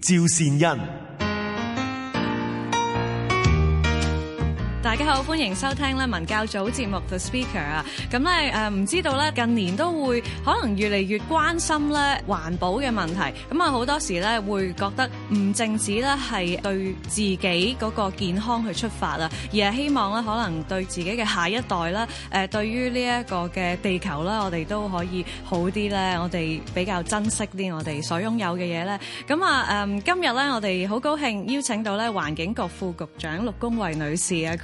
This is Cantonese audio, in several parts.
趙善人。大家好，歡迎收聽咧文教組節目 The Speaker 啊。咁咧誒，唔、嗯、知道咧近年都會可能越嚟越關心咧環保嘅問題。咁、嗯、啊，好多時咧會覺得唔淨止咧係對自己嗰個健康去出發啦，而係希望咧可能對自己嘅下一代啦，誒、呃，對於呢一個嘅地球啦，我哋都可以好啲咧，我哋比較珍惜啲我哋所擁有嘅嘢咧。咁、嗯、啊，誒、嗯，今日咧我哋好高興邀請到咧環境局副局長陸恭蕙女士啊。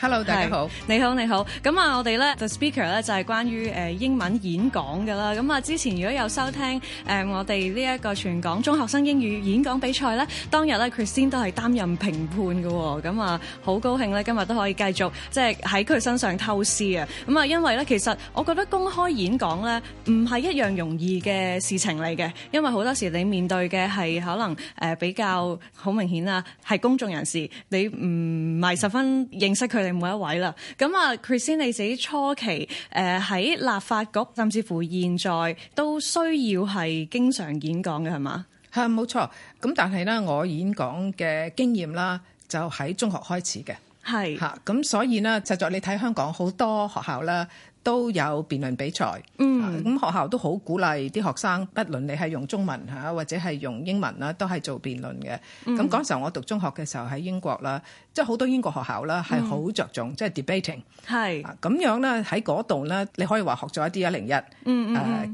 Hello 大家好，你好你好，咁啊我哋咧 The Speaker 咧就係、是、關於誒、呃、英文演講噶啦，咁啊之前如果有收聽誒、呃、我哋呢一個全港中學生英語演講比賽咧，當日咧 Christine 都係擔任評判嘅、哦，咁啊好高興咧今日都可以繼續即係喺佢身上偷師啊，咁、呃、啊因為咧其實我覺得公開演講咧唔係一樣容易嘅事情嚟嘅，因為好多時你面對嘅係可能誒、呃、比較好明顯啊，係公眾人士，你唔係十分。認識佢哋每一位啦，咁啊，Christine, 你自己初期誒喺、呃、立法局，甚至乎現在都需要係經常演講嘅係嘛？係，冇錯，咁但係咧我演講嘅經驗啦，就喺中學開始嘅，係吓，咁所以呢，就在、是、你睇香港好多學校啦。都有辯論比賽，咁、嗯啊、學校都好鼓勵啲學生，不論你係用中文嚇或者係用英文啦，都係做辯論嘅。咁嗰陣時我讀中學嘅時候喺英國啦、嗯，即係好多英國學校啦係好着重即係、嗯就是、debating，係咁、啊、樣咧喺嗰度咧你可以話學咗一啲一零一誒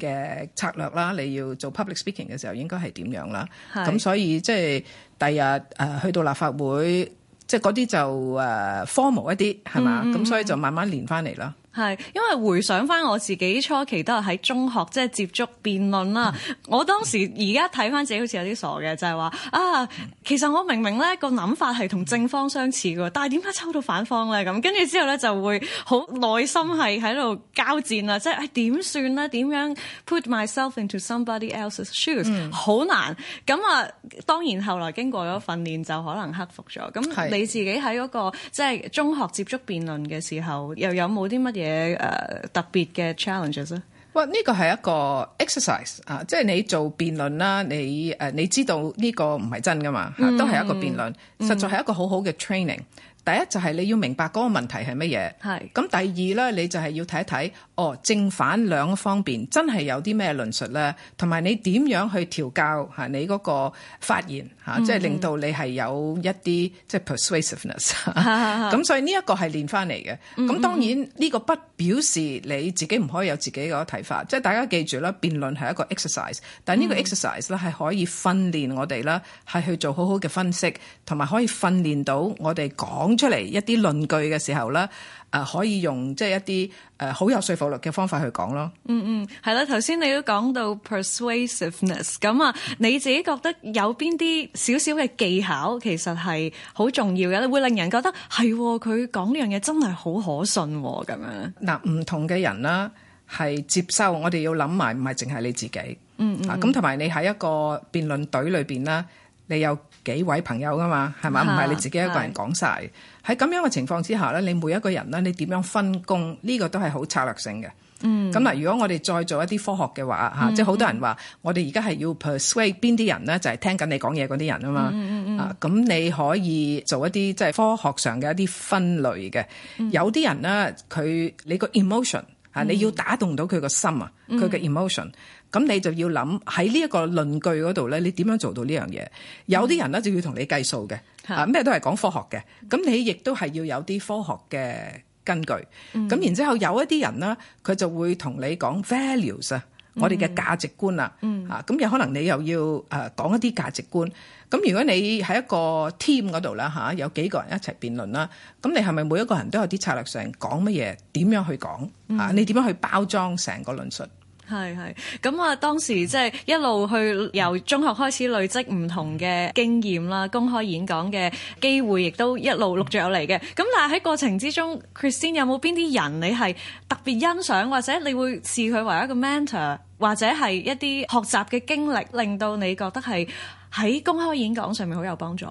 嘅策略啦，你要做 public speaking 嘅時候應該係點樣啦？咁、啊、所以即係第日誒去到立法會，即係嗰啲就誒、呃、formal 一啲係嘛？咁、嗯嗯、所以就慢慢練翻嚟啦。係，因為回想翻我自己初期都係喺中學即係、就是、接觸辯論啦。我當時而家睇翻自己好似有啲傻嘅，就係、是、話啊，其實我明明咧個諗法係同正方相似嘅、嗯，但係點解抽到反方咧？咁跟住之後咧就會好耐心係喺度交戰啦，即係點算咧？點、哎、樣 put myself into somebody else's shoes？好、嗯、難咁啊，當然後來經過咗訓練就可能克服咗。咁、嗯、你自己喺嗰個即係中學接觸辯論嘅時候，又有冇啲乜嘢？嘅誒特別嘅 challenges 啊，哇！呢個係一個 exercise 啊，即係你做辯論啦，你誒，你知道呢個唔係真噶嘛，吓，都係一個辯論，嗯，實在係一個好好嘅、嗯、一個好好嘅 training。第一就係你要明白嗰個問題係乜嘢，咁第二咧你就係要睇一睇，哦正反兩個方面真係有啲咩論述咧，同埋你點樣去調教吓你嗰個發言吓，即、嗯、係、啊就是、令到你係有一啲即係 persuasiveness。咁 所以呢一個係練翻嚟嘅。咁、嗯嗯、當然呢、這個不表示你自己唔可以有自己個睇法，即、就、係、是、大家記住啦，辯論係一個 exercise，但係呢個 exercise 咧係可以訓練我哋啦，係去做好好嘅分析，同埋可以訓練到我哋講。出嚟一啲論據嘅時候啦，誒，可以用即係一啲誒好有說服力嘅方法去講咯。嗯嗯，係啦，頭先你都講到 persuasiveness，咁啊，你自己覺得有邊啲少少嘅技巧，其實係好重要嘅？會令人覺得係佢講呢樣嘢，真係好可信咁樣。嗱，唔同嘅人啦，係接收我哋要諗埋，唔係淨係你自己。嗯嗯，咁同埋你喺一個辯論隊裏邊啦，你有。幾位朋友㗎嘛，係嘛？唔、啊、係你自己一個人講晒。喺咁樣嘅情況之下咧，你每一個人咧，你點樣分工？呢、呢個都係好策略性嘅。咁、嗯、嗱，如果我哋再做一啲科學嘅話，嚇，即係好多人話我哋而家係要 persuade 邊啲人咧，就係聽緊你講嘢嗰啲人啊嘛。啊，咁、就是就是你，嗯嗯嗯啊、你可以做一啲即係科學上嘅一啲分類嘅、嗯，有啲人咧，佢你個 emotion。嚇！你要打動到佢個心啊，佢嘅 emotion，咁、嗯、你就要諗喺呢一個論據嗰度咧，你點樣做到呢樣嘢？有啲人咧就要同你計數嘅，嚇咩、嗯、都係講科學嘅，咁、嗯、你亦都係要有啲科學嘅根據，咁、嗯、然之後有一啲人咧，佢就會同你講 values 啊。我哋嘅價值觀啦、嗯嗯、啊，咁有可能你又要誒、啊、講一啲價值觀。咁如果你喺一個 team 嗰度啦，有幾個人一齊辯論啦，咁你係咪每一個人都有啲策略上講乜嘢，點樣去講啊，你點樣去包裝成個論述？嗯啊係係，咁啊當時即係一路去由中學開始累積唔同嘅經驗啦，公開演講嘅機會亦都一路陸續有嚟嘅。咁但係喺過程之中，Christine 有冇邊啲人你係特別欣賞，或者你會視佢為一個 mentor，或者係一啲學習嘅經歷令到你覺得係喺公開演講上面好有幫助。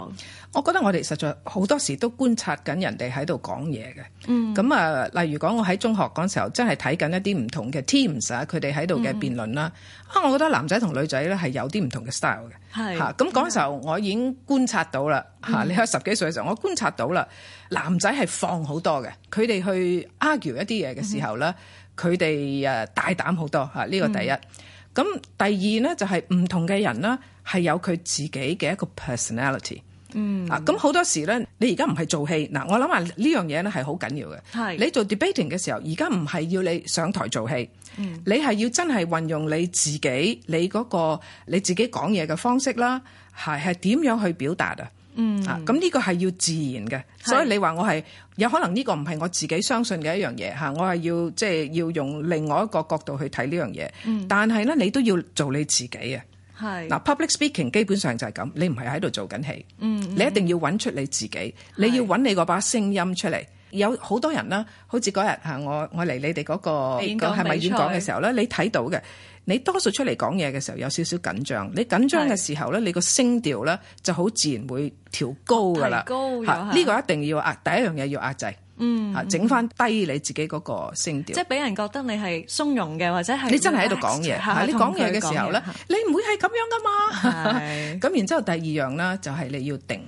我覺得我哋實在好多時都觀察緊人哋喺度講嘢嘅。嗯，咁啊，例如講我喺中學嗰時候真係睇緊一啲唔同嘅 teams 啊，佢哋喺度嘅辯論啦、啊嗯。啊，我覺得男仔同女仔咧係有啲唔同嘅 style 嘅。咁嗰、啊、時候我已經觀察到啦、嗯啊、你喺十幾歲嘅時候，我觀察到啦，男仔係放好多嘅。佢哋去 argue 一啲嘢嘅時候咧，佢、嗯、哋大膽好多呢、啊呢個第一。咁、嗯、第二咧就係、是、唔同嘅人啦。係有佢自己嘅一個 personality，嗯，啊咁好多時咧，你而家唔係做戲，嗱、啊、我諗下呢樣嘢咧係好緊要嘅，係你做 debating 嘅時候，而家唔係要你上台做戲，嗯，你係要真係運用你自己你嗰、個你自己講嘢嘅方式啦，係係點樣去表達啊，嗯，咁、啊、呢個係要自然嘅，所以你話我係有可能呢個唔係我自己相信嘅一樣嘢嚇，我係要即係、即係、要用另外一個角度去睇呢樣嘢，嗯，但係咧你都要做你自己啊。係嗱，public speaking 基本上就係咁，你唔係喺度做緊戲，你一定要揾出你自己，你要揾你嗰把聲音出嚟。有好多人啦，好似嗰日吓我我嚟你哋嗰、演講係咪演講嘅時候咧，你睇到嘅，你多數出嚟講嘢嘅時候有少少緊張，你緊張嘅時候咧，你個聲調咧就好自然會調高噶啦，吓呢、這個一定要壓，第一樣嘢要壓制。嗯，啊、嗯，整翻低你自己嗰個聲調，即係俾人覺得你係鬆容嘅或者係你真係喺度講嘢，你講嘢嘅時候咧，你唔會係咁樣噶嘛。咁， 然之後第二樣呢，就係你要定，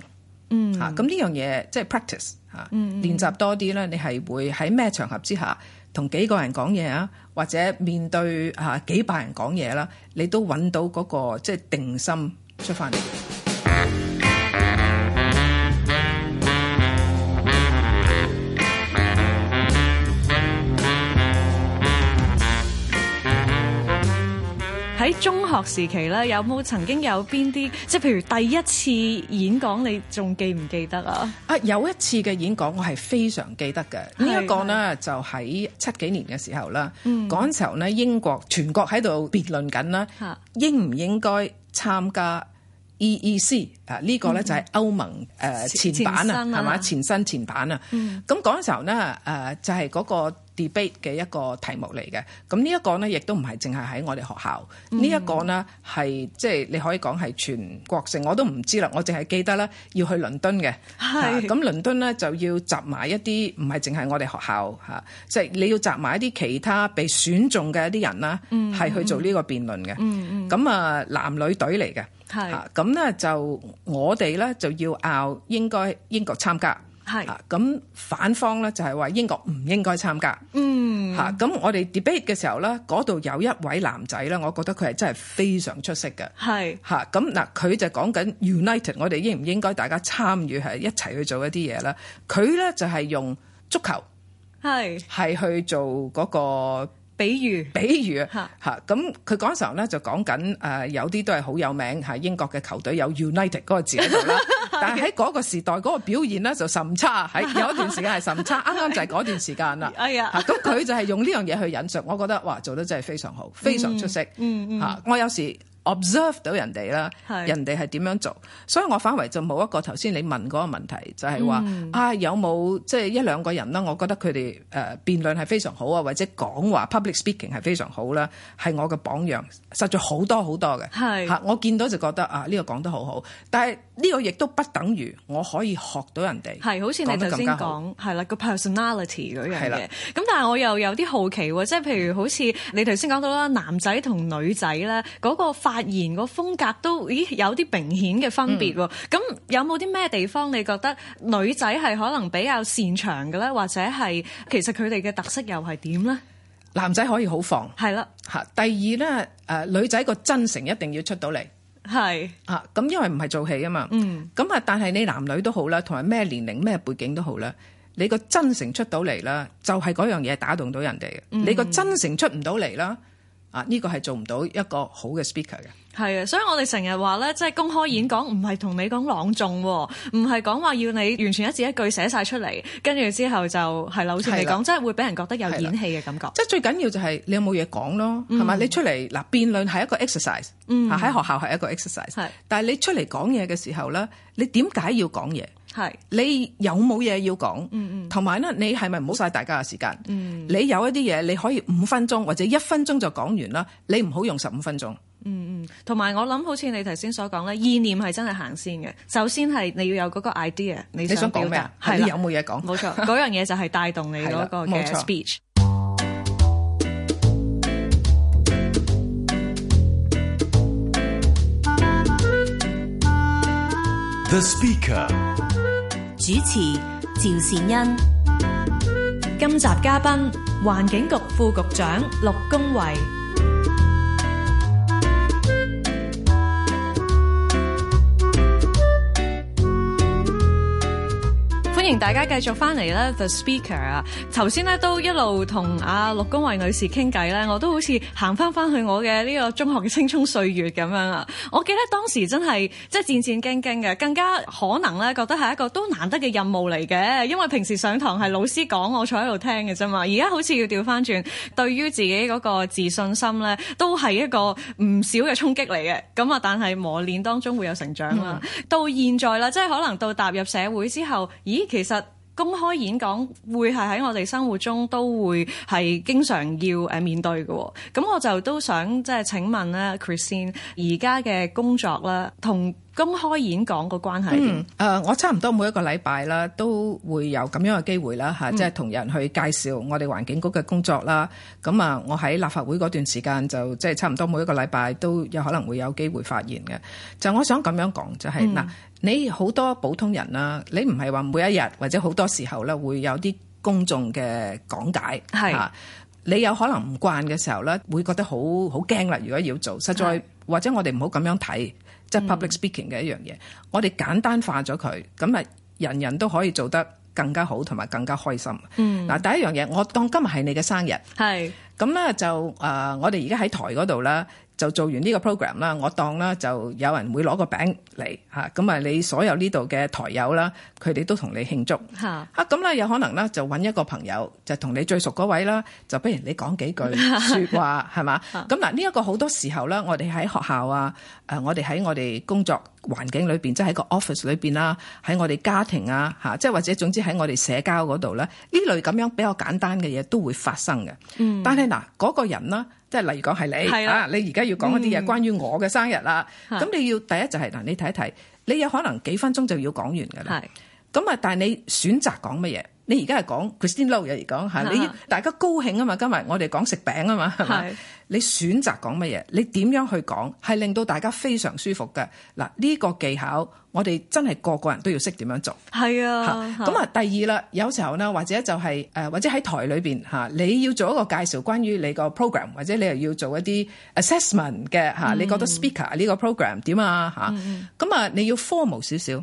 嗯吓，咁呢樣嘢即係 practice 吓、嗯，練、嗯、習多啲呢，你係會喺咩場合之下同幾個人講嘢啊，或者面對吓幾百人講嘢啦，你都揾到嗰個即係定心出翻嚟。喺中學時期咧，有冇曾經有邊啲即係譬如第一次演講你仲記唔記得啊？啊，有一次嘅演講我係非常記得嘅。是這個、呢一個咧就喺七幾年嘅時候啦。嗯。嗰陣時候咧，英國全國喺度辯論緊啦，應唔應該參加 EEC 啊？這個、呢個咧、嗯、就係、是、歐盟誒、呃、前，前版啊，係嘛、啊？前身前版啊。嗯。咁嗰陣時候咧，誒、呃、就係、是、嗰、那個。Debate 嘅一個題目嚟嘅，咁呢一個呢，亦都唔係淨係喺我哋學校，呢、嗯、一、這個呢，係即係你可以講係全國性，我都唔知啦，我淨係記得啦，要去倫敦嘅，咁、啊、倫敦呢，就要集埋一啲唔係淨係我哋學校嚇，即、啊、係、就是、你要集埋一啲其他被選中嘅一啲人啦，係、嗯、去做呢個辯論嘅，咁、嗯嗯、啊男女隊嚟嘅，嚇咁呢就我哋呢，就要拗應該英國參加。係，咁反方咧就係話英國唔應該參加。嗯，嚇咁我哋 debate 嘅時候咧，嗰度有一位男仔咧，我覺得佢係真係非常出色嘅。係，嚇咁嗱，佢就講緊 United，我哋應唔應該大家參與係一齊去做一啲嘢咧？佢咧就係用足球，係係去做嗰個比喻，比喻嚇嚇。咁佢嗰陣時候咧就講緊誒，有啲都係好有名嚇英國嘅球隊有 United 嗰個字喺度啦。但係喺嗰個時代嗰、嗰個表現呢就甚差，喺有一段時間係甚差，啱 啱就係嗰段時間啦。 哎呀，咁佢就係用呢樣嘢去引述，我覺得哇，做得真係非常好，非常出色。嗯，嗯，嗯，我有時。observe 到人哋啦，人哋係點樣做，所以我反為就冇一個頭先你問嗰問題就係、是、話、嗯、啊有冇即係一兩個人啦，我覺得佢哋誒辯論係非常好啊，或者講話 public speaking 係非常好啦，係我嘅榜樣實在好多好多嘅，吓、啊，我見到就覺得啊呢、這個講得好好，但係呢個亦都不等於我可以學到人哋，係好似你頭先講係啦個 personality 嗰樣係啦，咁但係我又有啲好奇喎，即係譬如好似你頭先講到啦，男仔同女仔咧嗰發言個風格都咦有啲明顯嘅分別，咁、嗯、有冇啲咩地方你覺得女仔係可能比較擅長嘅咧，或者係其實佢哋嘅特色又係點咧？男仔可以好放係啦，吓第二咧誒，女仔個真誠一定要出到嚟係吓，咁因爲唔係做戲啊嘛，嗯，咁啊，但係你男女都好啦，同埋咩年齡咩背景都好啦，你個真誠出到嚟啦，就係嗰樣嘢打動到人哋嘅、嗯，你個真誠出唔到嚟啦。呢個係做唔到一個好嘅 speaker 嘅，係啊，所以我哋成日話咧，即係公開演講唔係同你講朗誦，唔係講話要你完全一字一句寫晒出嚟，跟住之後就係扭住嚟講，真係會俾人覺得有演戲嘅感覺。即係最緊要就係你有冇嘢講咯，係、嗯、咪？你出嚟嗱辯論係一個 exercise，喺、嗯、學校係一個 exercise，、嗯、但係你出嚟講嘢嘅時候咧，你點解要講嘢？係你有冇嘢要講？嗯嗯，同埋咧，你係咪唔好嘥大家嘅時間？嗯，你有一啲嘢你可以五分鐘或者一分鐘就講完啦。你唔好用十五分鐘。嗯嗯，同埋我諗，好似你頭先所講咧，意念係真係行先嘅。首先係你要有嗰個 idea，你想講咩？係有冇嘢講？冇錯，嗰樣嘢就係帶動你個 speech。The speaker. 主持趙善恩，今集嘉賓環境局副局長陸恭蕙。歡迎大家繼續翻嚟咧，The Speaker 啊，頭先咧都一路同阿陸恭蕙女士傾偈咧，我都好似行翻翻去我嘅呢個中學嘅青春歲月咁樣啊！我記得當時真係即係戰戰兢兢嘅，更加可能咧覺得係一個都難得嘅任務嚟嘅，因為平時上堂係老師講，我坐喺度聽嘅啫嘛，而家好似要調翻轉，對於自己嗰個自信心咧，都係一個唔少嘅衝擊嚟嘅。咁啊，但係磨練當中會有成長啦、嗯。到現在啦，即係可能到踏入社會之後，咦？其實公開演講會係喺我哋生活中都會係經常要誒面對嘅，咁我就都想即係請問咧，Christine 而家嘅工作啦同。公開演講、個關係嗯誒、呃，我差唔多每一個禮拜啦，都會有咁樣嘅機會啦、嗯，即係同人去介紹我哋環境局嘅工作啦。咁啊，我喺立法會嗰段時間就即係差唔多每一個禮拜都有可能會有機會發言嘅。就我想咁樣講，就係、是、嗱、嗯，你好多普通人啦，你唔係話每一日或者好多時候咧會有啲公眾嘅講解、啊，你有可能唔慣嘅時候咧，會覺得好好驚啦。如果要做，實在或者我哋唔好咁樣睇。即、就、係、是、public speaking 嘅一樣嘢、嗯，我哋簡單化咗佢，咁啊，人人都可以做得更加好同埋更加開心。嗱、嗯，第一樣嘢，我當今日係你嘅生日，係咁咧就誒、呃，我哋而家喺台嗰度啦。就做完呢個 program 啦，我當啦就有人會攞個餅嚟咁啊你所有呢度嘅台友啦，佢哋都同你慶祝咁咧、啊啊、有可能咧就揾一個朋友就同你最熟嗰位啦，就不如你講幾句說話係嘛？咁嗱呢一個好多時候咧，我哋喺學校啊，我哋喺我哋工作環境裏面，即係喺個 office 裏面啦、啊，喺我哋家庭啊即係、啊、或者總之喺我哋社交嗰度咧，呢類咁樣比較簡單嘅嘢都會發生嘅。嗯，但係嗱嗰個人啦。即係例如講係你，是啊，你而家要講一啲嘢關於我嘅生日啦，咁、嗯、你要第一就係、是、嗱，你睇一睇，你有可能幾分鐘就要講完噶啦，咁啊，但係你選擇講乜嘢？你而家係講 Christine Lo 嘅而講嚇，你大家高興啊嘛！今日我哋講食餅啊嘛，係、啊、你選擇講乜嘢？你點樣去講係令到大家非常舒服嘅嗱？呢、呢個技巧我哋真係個個人都要識點樣做。係啊，咁啊第二啦，有時候呢，或者就係、誒、或者喺台裏面，你要做一個介紹關於你個 program 或者你又要做一啲 assessment 嘅，你覺得 speaker 呢個 program 點啊？咁啊、嗯、你要 formal 少少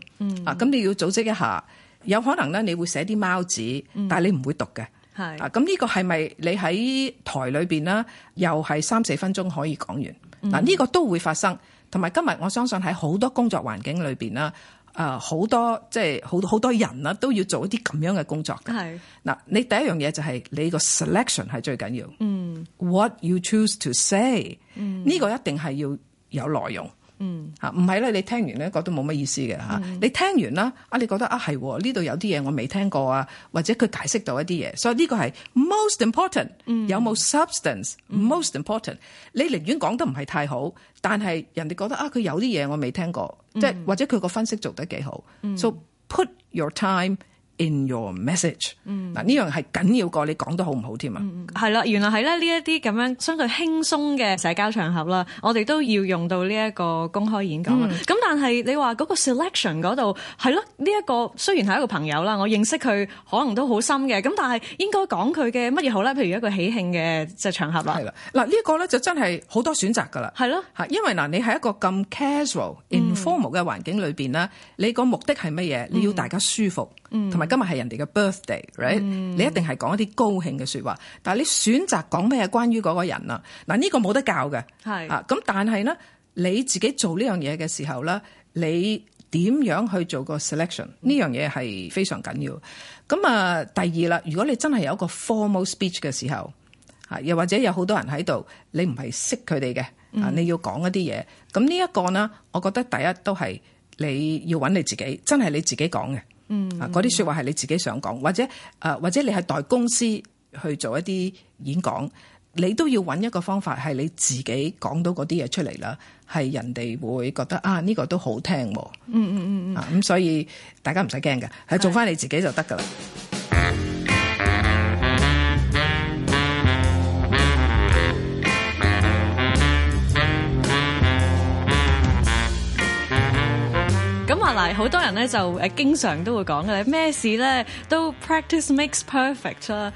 啊，咁、嗯、你要組織一下。有可能咧，你會寫啲貓紙，但係你唔會讀嘅。係、嗯、啊、咁、這、呢個係咪你喺台裏面啦？又係三四分鐘可以講完嗱？呢、嗯這個都會發生。同埋今日，我相信喺好多工作環境裏面，啦、呃，誒好多即係好好多人啦，都要做一啲咁樣嘅工作嘅。嗱、啊，你第一樣嘢就係、是、你個 selection 係最緊要。嗯，what you choose to say，呢、嗯這個一定係要有內容。嗯，嚇唔係咧，你聽完咧覺得冇乜意思嘅、嗯、你聽完啦，啊你覺得啊係呢度有啲嘢我未聽過啊，或者佢解釋到一啲嘢，所以呢個係 most important，、嗯、有冇 substance？most、嗯、important，你寧願講得唔係太好，但係人哋覺得啊佢有啲嘢我未聽過，即係、嗯、或者佢個分析做得幾好、嗯、，so put your time。In your message，嗱呢樣係緊要過你講得好唔好添啊？係、嗯、啦、嗯，原來係咧呢一啲咁樣相對輕鬆嘅社交場合啦，我哋都要用到呢一個公開演講啦。咁、嗯、但係你話嗰個 selection 嗰度係咯，呢一、這個雖然係一個朋友啦，我認識佢可能都好深嘅，咁但係應該講佢嘅乜嘢好咧？譬如一個喜慶嘅即係場合啦。係啦，嗱、這、呢個咧就真係好多選擇噶啦。係咯，嚇，因為嗱你喺一個咁 casual、嗯、informal 嘅環境裏邊啦，你個目的係乜嘢？你要大家舒服。嗯同埋今日係人哋嘅 birthday，right？你一定係講一啲高興嘅説話，但係你選擇講咩係關於嗰個人啦。嗱、這、呢個冇得教嘅係啊。咁但係呢，你自己做呢樣嘢嘅時候呢，你點樣去做個 selection？呢樣嘢係非常緊要。咁啊，第二啦，如果你真係有一個 formal speech 嘅時候啊，又或者有好多人喺度，你唔係識佢哋嘅，你要講一啲嘢。咁呢一個呢，我覺得第一都係你要揾你自己，真係你自己講嘅。嗯，嗰、啊、啲說話係你自己想講，或者誒、呃，或者你係代公司去做一啲演講，你都要揾一個方法係你自己講到嗰啲嘢出嚟啦，係人哋會覺得啊呢、這個都好聽、啊。嗯嗯嗯嗯，咁、啊、所以大家唔使驚嘅，係做返你自己就得噶啦。嗱，好多人咧就誒經常都會講嘅咩事咧都 practice makes perfect 啦。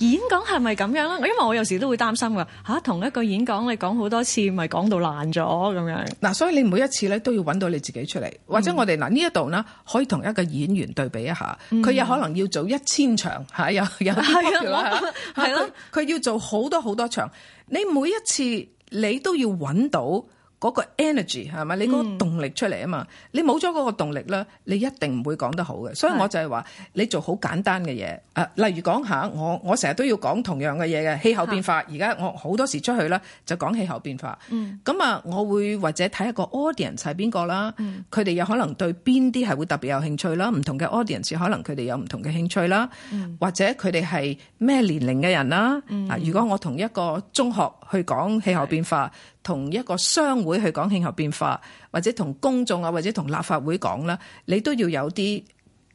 演講係咪咁樣？因為我有時都會擔心㗎、啊，同一個演講你講好多次，咪講到爛咗咁樣。嗱、啊，所以你每一次咧都要揾到你自己出嚟，嗯、或者我哋嗱呢一度呢可以同一個演員對比一下，佢、嗯、有可能要做一千場嚇、啊，有有、啲、啊，多、啊、啦，係咯，佢、啊、要做好多好多場。你每一次你都要揾到。嗰、那個 energy 係咪？你嗰、嗯、個動力出嚟啊嘛！你冇咗嗰個動力啦，你一定唔會講得好嘅。所以我就係話，你做好簡單嘅嘢、啊。例如講下我，我成日都要講同樣嘅嘢嘅氣候變化。而家我好多時出去啦，就講氣候變化。咁、嗯、啊，我會或者睇一個 audience 係邊個啦，佢、嗯、哋有可能對邊啲係會特別有興趣啦。唔同嘅 audience 可能佢哋有唔同嘅興趣啦、嗯，或者佢哋係咩年齡嘅人啦、嗯。如果我同一個中學去講氣候變化，同一個商會去講氣候變化，或者同公眾啊，或者同立法會講啦，你都要有啲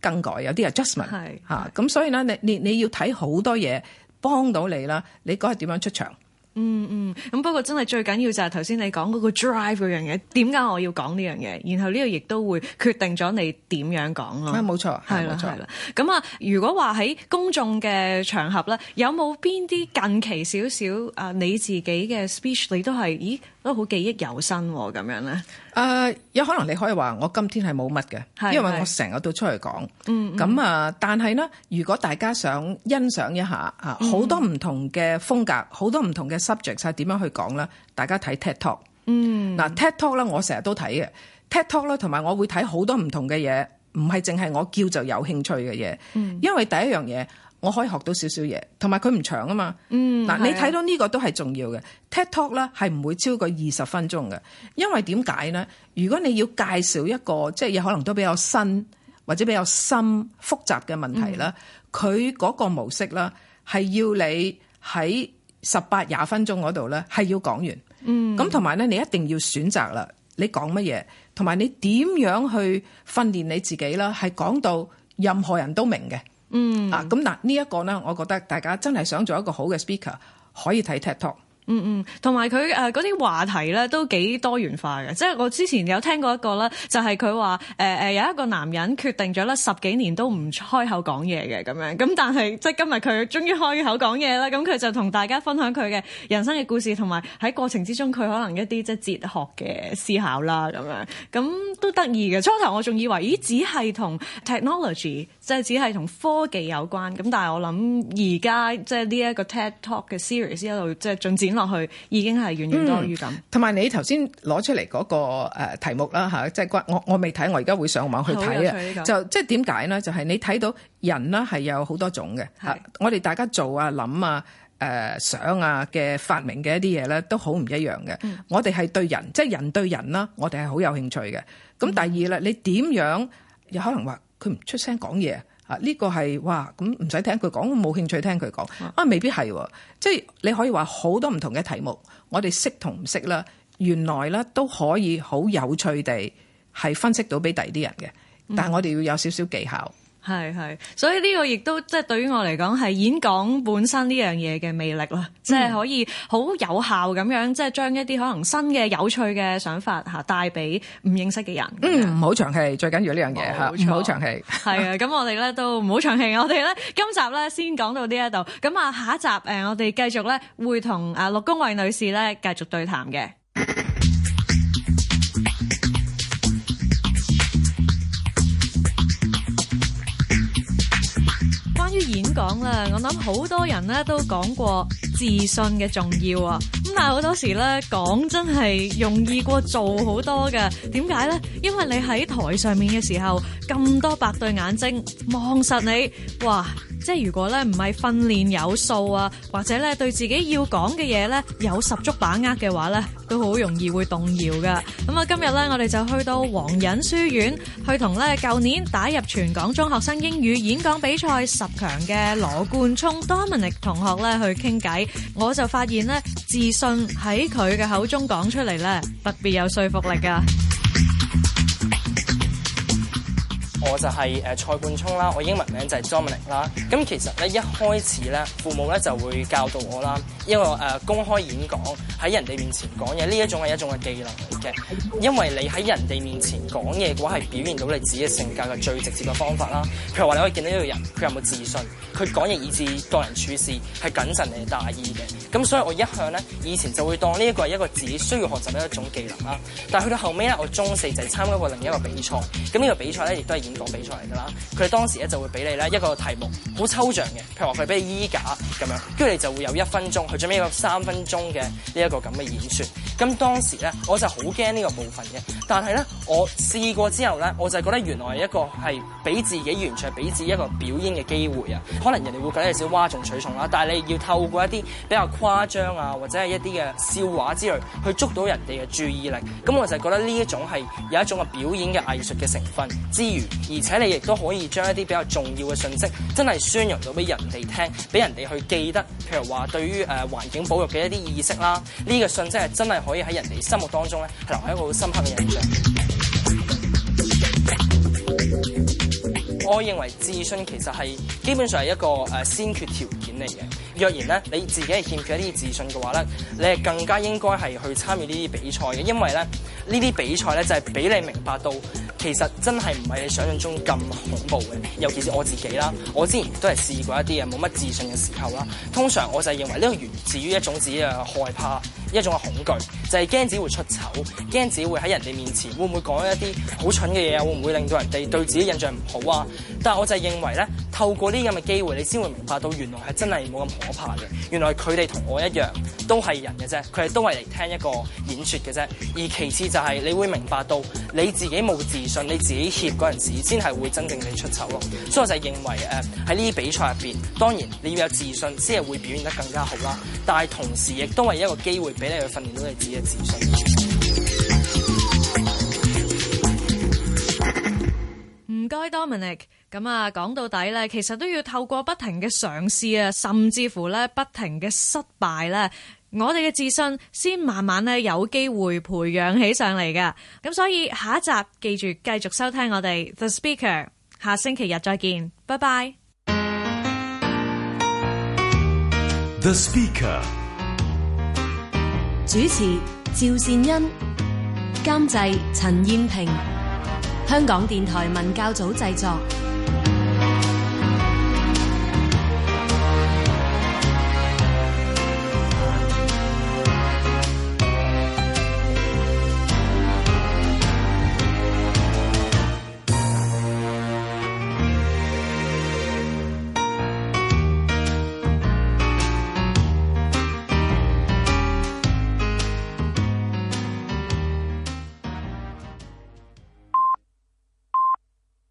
更改，有啲 adjustment 係吓。咁、啊、所以咧，你你你要睇好多嘢，幫到你啦。你嗰日點樣出場。嗯嗯，咁、嗯、不過真係最緊要就係頭先你講嗰個 drive 嗰樣嘢，點解我要講呢樣嘢？然後呢個亦都會決定咗你點樣講咯。係，冇錯，係啦，係啦。咁啊，如果話喺公眾嘅場合咧，有冇邊啲近期少少啊你自己嘅 speech，你都係？咦？都好記憶猶新喎、哦，咁樣咧。誒、uh，有可能你可以話我今天係冇乜嘅，因為我成日都出去講。嗯，咁啊，但係呢，如果大家想欣賞一下啊，好、嗯、多唔同嘅風格，好、嗯、多唔同嘅 subject，係點樣去講呢？大家睇 TED Talk。嗯，嗱 TED Talk 咧，我成日都睇嘅。TED Talk 咧，同埋我會睇好多唔同嘅嘢，唔係淨係我叫就有興趣嘅嘢。嗯，因為第一樣嘢。我可以學到少少嘢，同埋佢唔長啊嘛。嗱、嗯啊，你睇到呢個都係重要嘅。TED Talk 咧係唔會超過二十分鐘嘅，因為點解咧？如果你要介紹一個即係有可能都比較新或者比較深複雜嘅問題啦，佢、嗯、嗰個模式啦係要你喺十八廿分鐘嗰度咧係要講完。咁同埋咧，你一定要選擇啦，你講乜嘢，同埋你點樣去訓練你自己啦，係講到任何人都明嘅。嗯啊，咁嗱呢一個咧，我覺得大家真係想做一個好嘅 speaker，可以睇 TED Talk。嗯嗯，同埋佢誒嗰啲話題咧都幾多元化嘅，即係我之前有聽過一個咧，就係佢話誒誒有一個男人決定咗咧十幾年都唔開口講嘢嘅，咁樣咁，但係即係今日佢終於開口講嘢啦，咁佢就同大家分享佢嘅人生嘅故事，同埋喺過程之中佢可能一啲即係哲學嘅思考啦咁樣咁都得意嘅。初頭我仲以為咦只係同 technology 即係只係同科技有關，咁，但係我諗而家即係呢一個 TED Talk 嘅 series 一路即係進展。落去已經係遠遠多於咁。同、嗯、埋你頭先攞出嚟嗰個誒題目啦吓，即係關我我未睇，我而家會上網去睇啊、這個。就即係點解咧？就係、是、你睇到人啦，係有好多種嘅。係、啊、我哋大家做啊、諗啊、誒、呃、想啊嘅發明嘅一啲嘢咧，都好唔一樣嘅、嗯。我哋係對人，即、就、係、是、人對人啦，我哋係好有興趣嘅。咁第二咧、嗯，你點樣有可能說他不說話佢唔出聲講嘢？啊、這個！呢個係哇？咁唔使聽佢講，冇興趣聽佢講。啊，未必係，即係你可以話好多唔同嘅題目，我哋識同唔識啦，原來咧都可以好有趣地係分析到俾第二啲人嘅，但係我哋要有少少技巧。嗯嗯係係，所以呢個亦都即係對於我嚟講係演講本身呢樣嘢嘅魅力啦，即係可以好有效咁樣，即係將一啲可能新嘅有趣嘅想法吓帶俾唔認識嘅人。嗯，唔好長氣，最緊要呢樣嘢吓，唔好長氣。係啊，咁我哋咧都唔好長氣， 我哋咧今集咧先講到呢一度，咁啊下一集誒，我哋繼續咧會同誒陸恭蕙女士咧繼續對談嘅。啲演講啦，我諗好多人咧都講過自信嘅重要啊，咁但係好多時咧講真係容易過做好多㗎，點解呢？因為你喺台上面嘅時候，咁多白對眼睛望實你，哇！即係如果咧唔係訓練有素啊，或者咧對自己要講嘅嘢，咧有十足把握嘅話咧，都好容易會動搖噶。咁啊，今日咧我哋就去到黃隱書院去同咧舊年打入全港中學生英語演講比賽十強嘅羅冠聰 Dominic 同學咧去傾偈。我就發現咧自信喺佢嘅口中講出嚟，咧特別有說服力噶。我就係蔡冠聰啦，我英文名就係 Dominic 啦。咁其實咧一開始咧，父母咧就會教導我啦，一個公開演講喺人哋面前講嘢呢一種係一種嘅技能嚟嘅，因為你喺人哋面前講嘢嘅話係表現到你自己性格嘅最直接嘅方法啦。譬如話你可以見到呢個人，佢有冇自信，佢講嘢以至個人處事係謹慎定係大意嘅。咁所以我一向咧以前就會當呢一個係一個自己需要學習嘅一種技能啦。但係去到後尾咧，我中四就係參加過另一個比賽，咁呢個比賽咧亦都係演講、那個、比賽嚟噶啦，佢哋當時咧就會俾你咧一個題目，好抽象嘅，譬如話佢俾你衣架咁樣，跟住你就會有一分鐘，去準備一個三分鐘嘅呢一個咁嘅演說。咁當時咧，我就好驚呢個部分嘅，但係咧我試過之後咧，我就係覺得原來係一個係俾自己完全，俾自己一個表演嘅機會啊。可能人哋會覺得你有少少嘩眾取寵啦，但係你要透過一啲比較誇張啊，或者係一啲嘅笑話之類去捉到人哋嘅注意力。咁我就係覺得呢一種係有一種嘅表演嘅藝術嘅成分之餘。而且你亦都可以將一啲比較重要嘅信息，真係宣揚到俾人哋聽，俾人哋去記得。譬如話，對於誒環境保育嘅一啲意識啦，呢個信息係真係可以喺人哋心目當中咧，係留喺一個好深刻嘅印象。我認為自信其實係基本上係一個誒先決條件嚟嘅。若然咧，你自己係欠缺一啲自信嘅話咧，你係更加應該係去參與呢啲比賽嘅，因為咧。呢啲比賽咧就係俾你明白到，其實真係唔係你想象中咁恐怖嘅。尤其是我自己啦，我之前都係試過一啲冇乜自信嘅時候啦。通常我就係認為呢個源自於一種自己嘅害怕，一種嘅恐懼，就係驚自己會出醜，驚自己會喺人哋面前會唔會講一啲好蠢嘅嘢啊，會唔會令到人哋對自己印象唔好啊？但我就係認為咧。透過呢啲咁嘅機會，你先會明白到原來係真係冇咁可怕嘅。原來佢哋同我一樣，都係人嘅啫，佢哋都係嚟聽一個演說嘅啫。而其次就係你會明白到你自己冇自信，你自己怯嗰陣時，先係會真正你出醜咯。所以我就認為誒喺呢啲比賽入面，當然你要有自信，先係會表現得更加好啦。但係同時亦都係一個機會俾你去訓練到你自己嘅自信。唔該，Dominic，咁啊，講到底咧，其實都要透過不停嘅嘗試啊，甚至乎咧不停嘅失敗咧，我哋嘅自信先慢慢咧有機會培養起上嚟嘅。咁所以下一集記住繼續收聽我哋 The Speaker，下星期日再見，拜拜。The Speaker，主持趙善恩，監製陳燕平。香港電台文教組製作。